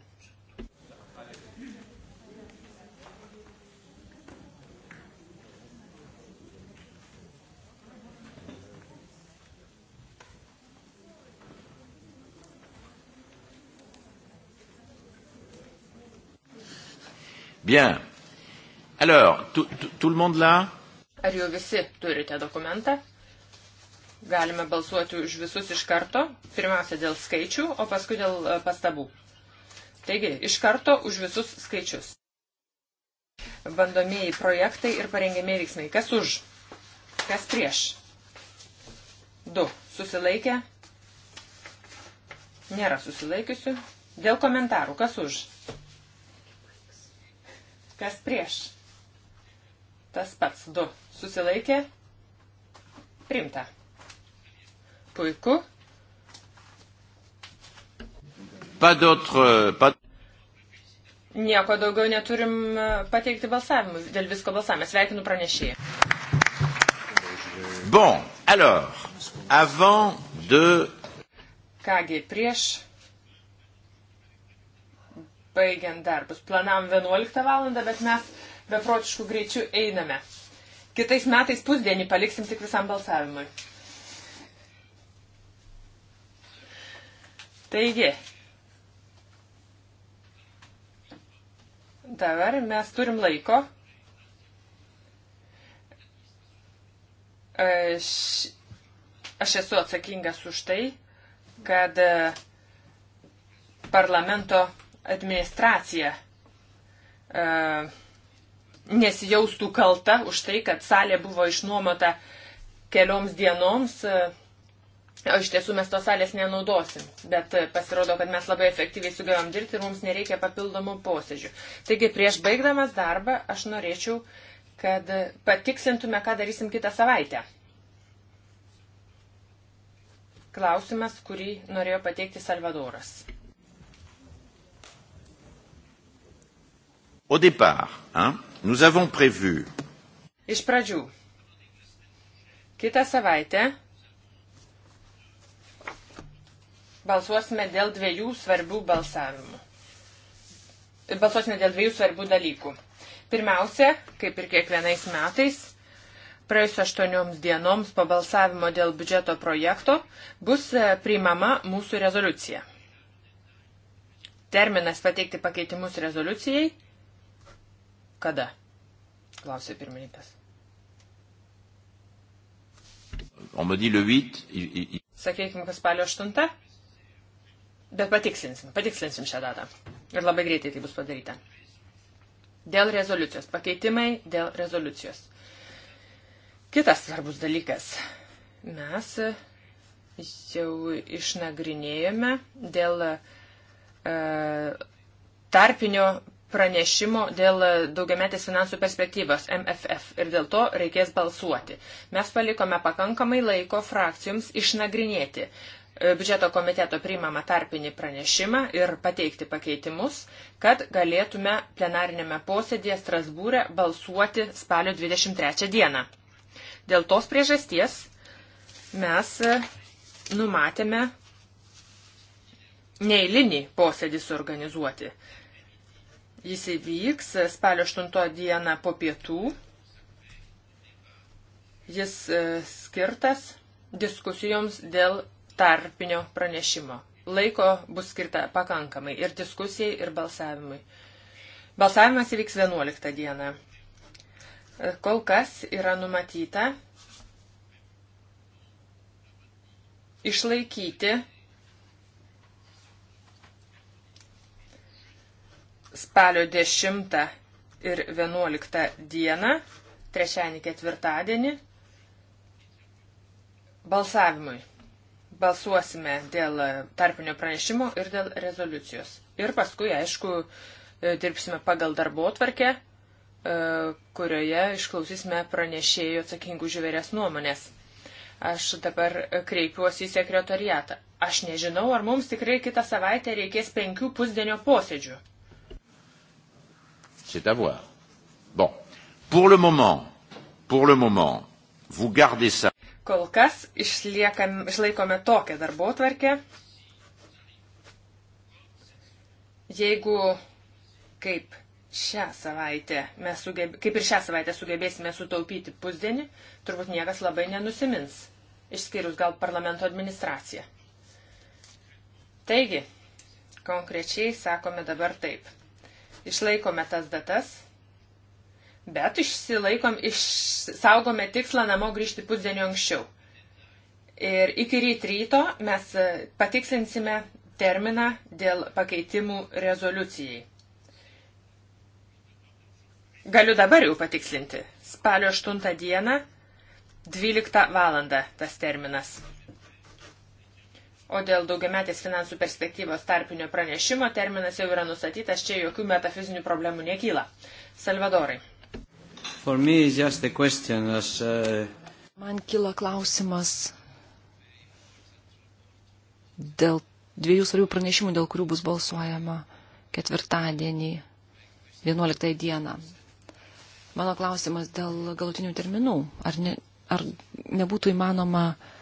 Bien. Alors, tout, tout, tout le monde là? Ar jau visi turite dokumentą? Galime balsuoti už visus iš karto, pirmiausia dėl skaičių, o paskui dėl e, pastabų. Taigi, iš karto už visus skaičius. Bandomieji projektai ir parengėmėjai veiksmai. Kas už? Kas prieš? Du. Susilaikę? Nėra susilaikiusių. Dėl komentarų. Kas už? Kas prieš? Tas pats du. Susilaikė. Primta. Puiku. Nieko daugiau neturim e, pateikti balsavimus. Dėl visko balsavimą. Sveikinu pranešėjai. Bon, alors, avant de. Kągi, prieš baigiant darbus. Planavom 11 valandą, bet mes beprotiškų greičių einame. Kitais metais pusdienį paliksim tik visam balsavimui. Taigi, dabar mes turim laiko. Aš, aš esu atsakingas už tai, kad e, parlamento administracija uh, nesijaustų kalta už tai, kad salė buvo išnuomota kelioms dienoms. E, o iš tiesų mes tos salės nenaudosim, bet e, pasirodo, kad mes labai efektyviai sugebėjom dirbti ir mums nereikia papildomų posėdžių. Taigi prieš baigdamas darbą aš norėčiau, kad e, patiksintume, ką darysim kitą savaitę. Klausimas, kurį norėjo pateikti Salvadoras. Au départ, hein, Nous avons prévu. Iš pradžių. Kitą savaitę balsuosime dėl dviejų svarbių balsavimų. Balsuosime dėl dviejų svarbių dalykų. Pirmiausia, kaip ir kiekvienais metais, praėjus aštuonioms dienoms po balsavimo dėl biudžeto projekto bus e, priimama mūsų rezoliucija. Terminas pateikti pakeitimus rezoliucijai Kada? Klausė pirmininkas. Sakykime, kad spalio 8. Bet patikslinsim, patikslinsim šią datą. Ir labai greitai tai bus padaryta. Dėl rezoliucijos. Pakeitimai dėl rezoliucijos. Kitas svarbus dalykas. Mes jau išnagrinėjome dėl e, tarpinio pranešimo dėl daugiametės finansų perspektyvos MFF ir dėl to reikės balsuoti. Mes palikome pakankamai laiko frakcijoms išnagrinėti e, biudžeto komiteto priimamą tarpinį pranešimą ir pateikti pakeitimus, kad galėtume plenarinėme posėdėje Strasbūrė balsuoti spalio 23 dieną. Dėl tos priežasties mes e, numatėme neįlinį posėdį suorganizuoti. Jis įvyks spalio 8 dieną po pietų. Jis e, skirtas diskusijoms dėl tarpinio pranešimo. Laiko bus skirta pakankamai ir diskusijai, ir balsavimui. Balsavimas įvyks 11 dieną. E, kol kas yra numatyta išlaikyti spalio 10 ir 11 dieną, trečiąjį ketvirtadienį, balsavimui. Balsuosime dėl tarpinio pranešimo ir dėl rezoliucijos. Ir paskui, aišku, e, dirbsime pagal darbo tvarkę, e, kurioje išklausysime pranešėjų atsakingų žyvėrės nuomonės. Aš dabar kreipiuosi į sekretariatą. Aš nežinau, ar mums tikrai kitą savaitę reikės penkių pusdienio posėdžių c'est à voir. Bon. Pour le moment, pour le moment, vous gardez ça. Kol kas išliekam, išlaikome tokią darbo tvarkę. Jeigu kaip šią savaitę mes sugebėsime, kaip ir šią savaitę sugebėsime sutaupyti pusdienį, turbūt niekas labai nenusimins, išskyrus gal parlamento administraciją. Taigi, konkrečiai sakome dabar taip išlaikome tas datas, bet išsilaikom, išsaugome tikslą namo grįžti pusdienio anksčiau. Ir iki ryt ryto mes e, patikslinsime terminą dėl pakeitimų rezoliucijai. Galiu dabar jau patikslinti. Spalio 8 dieną, 12 valandą tas terminas. O dėl daugiametės finansų perspektyvos tarpinio pranešimo terminas jau yra nustatytas, čia jokių metafizinių problemų nekyla. Salvadorai. As, uh... Man kila klausimas dėl dviejų svarbių pranešimų, dėl kurių bus balsuojama ketvirtadienį, 11 dieną. Mano klausimas dėl galutinių terminų. Ar, ne, ar nebūtų įmanoma uh,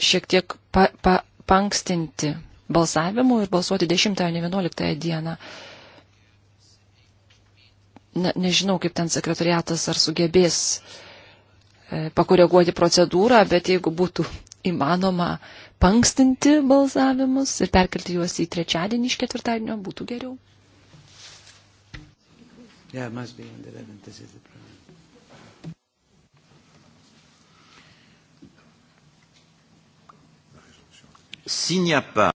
šiek tiek pa, pa, pankstinti balsavimu ir balsuoti 10, ne 11 dieną. Ne, nežinau, kaip ten sekretariatas ar sugebės e, pakoreguoti procedūrą, bet jeigu būtų įmanoma pankstinti balsavimus ir perkelti juos į trečiadienį iš ketvirtadienio, būtų geriau. Yeah, it must be on the 11th. This is the problem. s'il n'y a pas.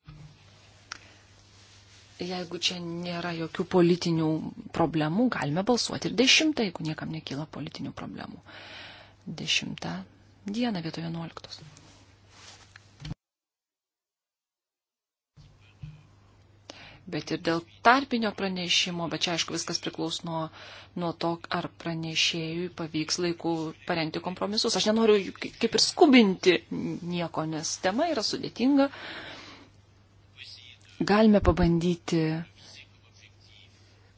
Jeigu čia nėra jokių politinių problemų, galime balsuoti ir dešimtą, jeigu niekam nekyla politinių problemų. Dešimtą dieną vietoj vienuoliktos. bet ir dėl tarpinio pranešimo, bet čia aišku viskas priklauso nuo, nuo to, ar pranešėjui pavyks laiku parengti kompromisus. Aš nenoriu kaip ir skubinti nieko, nes tema yra sudėtinga. Galime pabandyti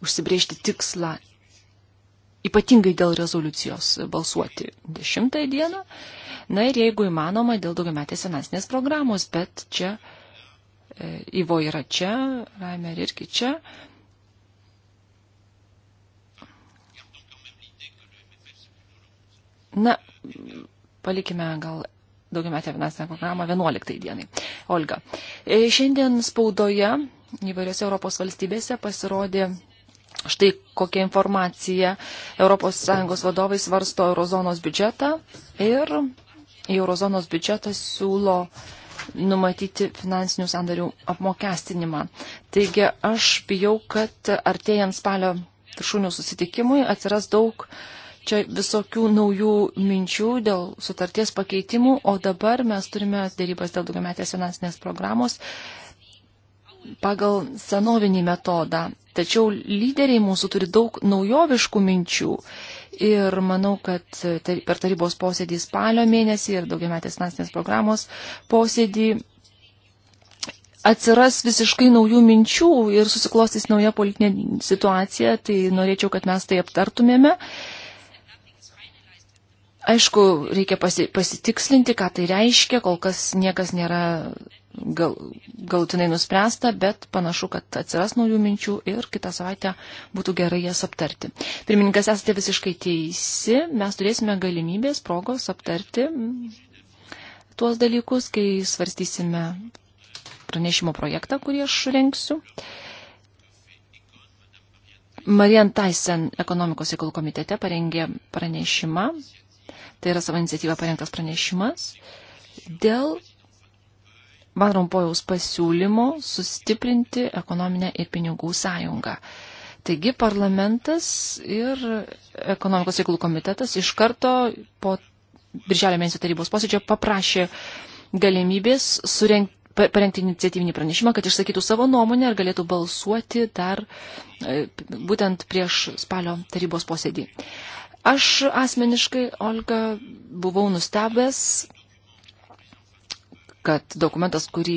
užsibriežti tikslą, ypatingai dėl rezoliucijos balsuoti dešimtąją dieną. Na ir jeigu įmanoma, dėl daugiametės finansinės programos, bet čia E, Ivo yra čia, Raimer irgi čia. Na, palikime gal daugiametę finansinę programą 11 dienai. Olga, e, šiandien spaudoje įvairiose Europos valstybėse pasirodė štai kokia informacija ES vadovai svarsto eurozonos biudžetą ir į eurozonos biudžetą siūlo numatyti finansinių sandarių apmokestinimą. Taigi aš bijau, kad artėjant spalio viršūnių susitikimui atsiras daug čia visokių naujų minčių dėl sutarties pakeitimų, o dabar mes turime dėrybas dėl daugiametės finansinės programos pagal senovinį metodą. Tačiau lyderiai mūsų turi daug naujoviškų minčių Ir manau, kad per tarybos posėdį spalio mėnesį ir daugiametės finansinės programos posėdį atsiras visiškai naujų minčių ir susiklostys nauja politinė situacija, tai norėčiau, kad mes tai aptartumėme Aišku, reikia pasi, pasitikslinti, ką tai reiškia, kol kas niekas nėra gal, galutinai nuspręsta, bet panašu, kad atsiras naujų minčių ir kitą savaitę būtų gerai jas aptarti. Pirmininkas, esate visiškai teisi, mes turėsime galimybės, progos aptarti mm, tuos dalykus, kai svarstysime pranešimo projektą, kurį aš renksiu. Marian Tyson ekonomikos įkalų komitete parengė pranešimą Tai yra savo iniciatyva parengtas pranešimas dėl Van Rompojaus pasiūlymo sustiprinti ekonominę ir pinigų sąjungą. Taigi parlamentas ir ekonomikos reikalų komitetas iš karto po Birželio mėnesio tarybos posėdžio paprašė galimybės surengti parengti iniciatyvinį pranešimą, kad išsakytų savo nuomonę ir galėtų balsuoti dar e, būtent prieš spalio tarybos posėdį. Aš asmeniškai, Olga, buvau nustebęs, kad dokumentas, kurį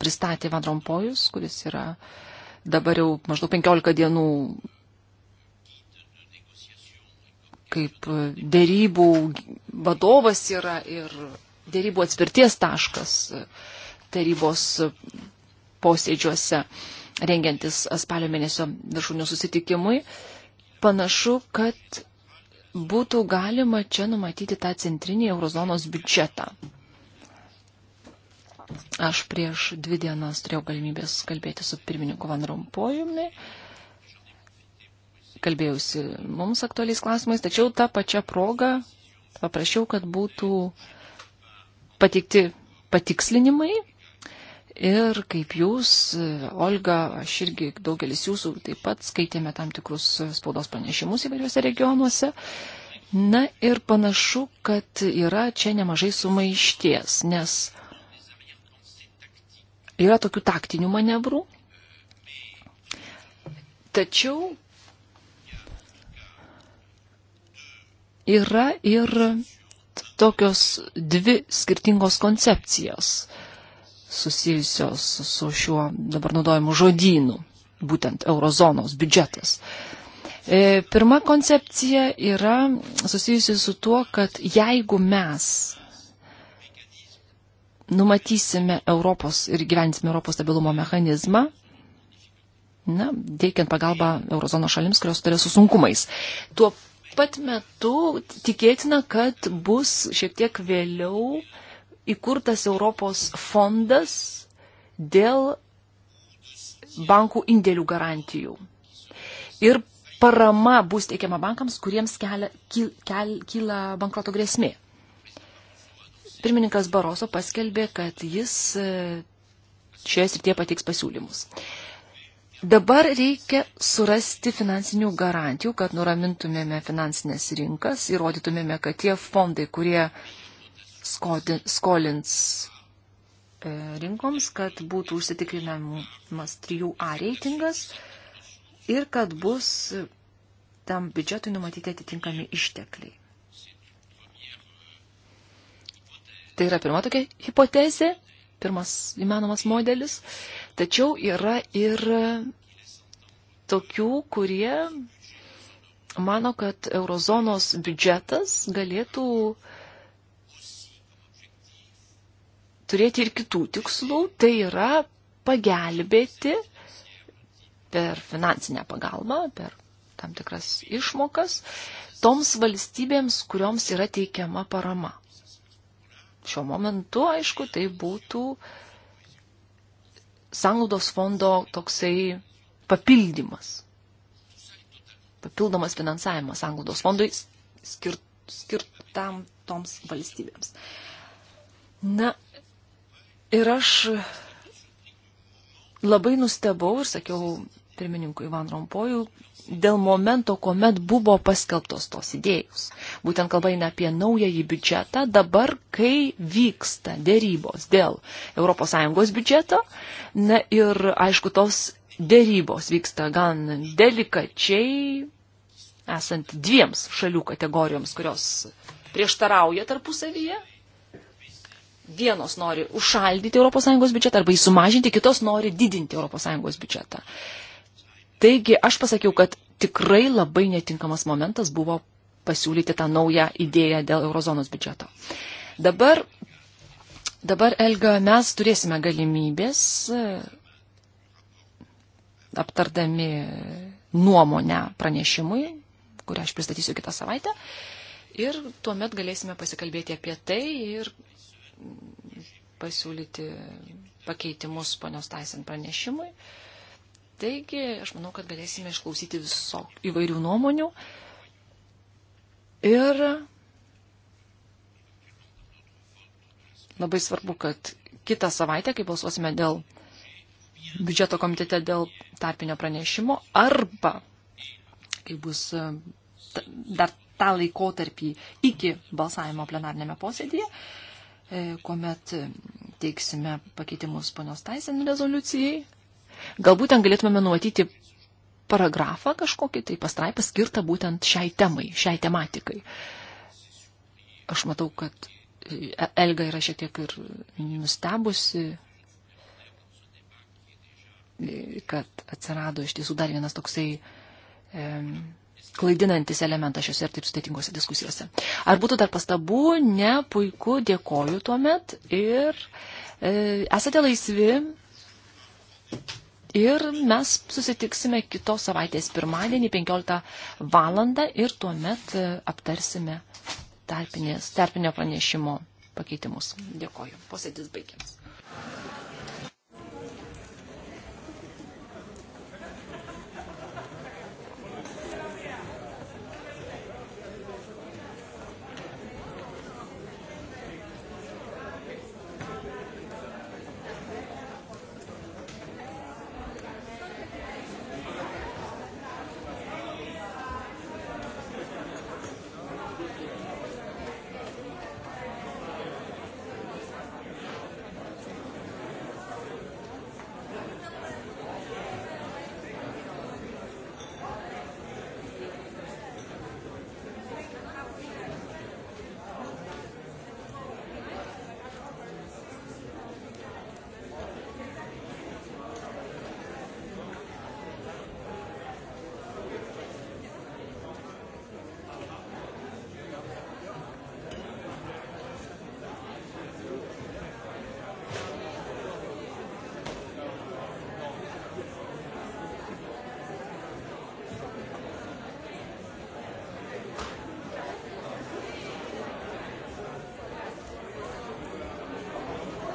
pristatė Van Rompojus, kuris yra dabar jau maždaug 15 dienų kaip dėrybų vadovas yra ir dėrybų atspirties taškas tarybos posėdžiuose rengiantis spalio mėnesio viršūnių susitikimui, panašu, kad būtų galima čia numatyti tą centrinį eurozonos biudžetą. Aš prieš dvi dienas turėjau galimybės kalbėti su pirmininku Van Rompojumi, kalbėjausi mums aktualiais klausimais, tačiau tą pačią progą paprašiau, kad būtų pateikti patikslinimai Ir kaip jūs, Olga, aš irgi daugelis jūsų taip pat skaitėme tam tikrus spaudos pranešimus įvairiuose regionuose. Na ir panašu, kad yra čia nemažai sumaišties, nes yra tokių taktinių manevrų. Tačiau yra ir tokios dvi skirtingos koncepcijos susijusios su šiuo dabar naudojimu žodynu, būtent eurozonos biudžetas. E, pirma koncepcija yra susijusi su tuo, kad jeigu mes numatysime Europos ir gyvensime Europos stabilumo mechanizmą, na, teikiant pagalbą eurozono šalims, kurios turi su sunkumais, tuo pat metu tikėtina, kad bus šiek tiek vėliau įkurtas Europos fondas dėl bankų indėlių garantijų. Ir parama bus teikiama bankams, kuriems kelia, kyla, kel, kyla bankroto grėsmė. Pirmininkas Baroso paskelbė, kad jis e, šioje srityje pateiks pasiūlymus. Dabar reikia surasti finansinių garantijų, kad nuramintumėme finansinės rinkas, įrodytumėme, kad tie fondai, kurie uh, skolins e, rinkoms, kad būtų užsitikrinamas 3A reitingas ir kad bus tam biudžetui numatyti atitinkami ištekliai. Tai yra pirma tokia hipotezė, pirmas įmanomas modelis, tačiau yra ir tokių, kurie mano, kad eurozonos biudžetas galėtų uh, turėti ir kitų tikslų, tai yra pagelbėti per finansinę pagalbą, per tam tikras išmokas toms valstybėms, kurioms yra teikiama parama. Šiuo momentu, aišku, tai būtų Sanglaudos fondo toksai papildymas, papildomas finansavimas Sanglaudos fondui skirt, skirtam toms valstybėms. Na, Ir aš labai nustebau ir sakiau pirmininkui Ivan Rompojų dėl momento, kuomet buvo paskelbtos tos idėjos. Būtent kalba eina apie naująjį biudžetą, dabar, kai vyksta dėrybos dėl ES biudžeto. Na ir aišku, tos dėrybos vyksta gan delikačiai, esant dviems šalių kategorijoms, kurios prieštarauja tarpusavyje vienos nori užšaldyti ES biudžetą arba jį sumažinti, kitos nori didinti ES biudžetą. Taigi aš pasakiau, kad tikrai labai netinkamas momentas buvo pasiūlyti tą naują idėją dėl eurozonos biudžeto. Dabar, dabar Elga, mes turėsime galimybės e, aptardami nuomonę pranešimui, kurią aš pristatysiu kitą savaitę. Ir tuomet galėsime pasikalbėti apie tai ir pasiūlyti pakeitimus ponios Taisen pranešimui. Taigi, aš manau, kad galėsime išklausyti visok įvairių nuomonių. Ir labai svarbu, kad kitą savaitę, kai balsuosime dėl biudžeto komitete dėl tarpinio pranešimo, arba kai bus dar tą laikotarpį iki balsavimo plenarnėme posėdėje, E, kuomet teiksime pakeitimus ponios Taisen rezoliucijai. Galbūt ten galėtume numatyti paragrafą kažkokį, tai pastraipą skirtą būtent šiai temai, šiai tematikai. Aš matau, kad e, e, Elga yra šiek tiek ir nustebusi, kad atsirado iš tiesų dar vienas toksai e, klaidinantis elementas šiuose ir taip sudėtingose diskusijose. Ar būtų dar pastabų? Ne, puiku, dėkoju tuomet ir e, esate laisvi. Ir mes susitiksime kitos savaitės pirmadienį 15 valandą ir tuomet e, aptarsime tarpinės, tarpinio pranešimo pakeitimus. Dėkoju. Posėdis baigiamas.